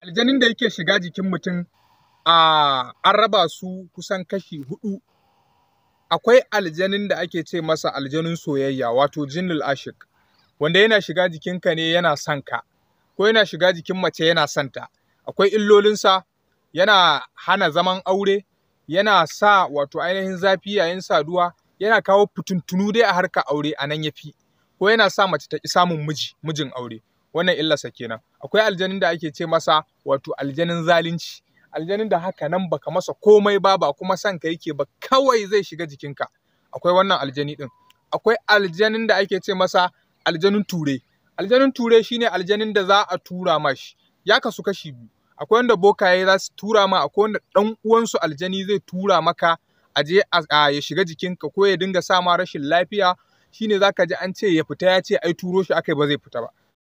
aljanin da yake shiga jikin mutum a an raba su kusan kashi hudu akwai aljanin da ake ce masa aljanin soyayya wato jinnul ashik wanda yana shiga jikinka ne yana son ka ko yana shiga jikin mace yana son ta akwai illolinsa yana hana zaman aure yana sa wato ainihin zafi yayin saduwa yana kawo fitintunu dai a harka aure a nan yafi ko yana sa mace ta ki samun miji mijin aure wannan illarsa kenan akwai aljanin da ake ce masa wato aljanun zalunci aljanin da haka nan baka masa komai ba ba kuma san ka yake ba kawai zai shiga jikinka akwai wannan aljani din akwai aljanun da ake ce masa aljanun ture Aljanun ture shine aljanun da za a tura mashi ya kasu kashi biyu akwai wanda bokaye za su tura ma akwai wanda dan uwansu aljani zai tura maka a je ya shiga jikinka ko ya dinga sa ma rashin lafiya shine zaka ji an ce ya fita ya ce ai turo shi akai ba zai fita ba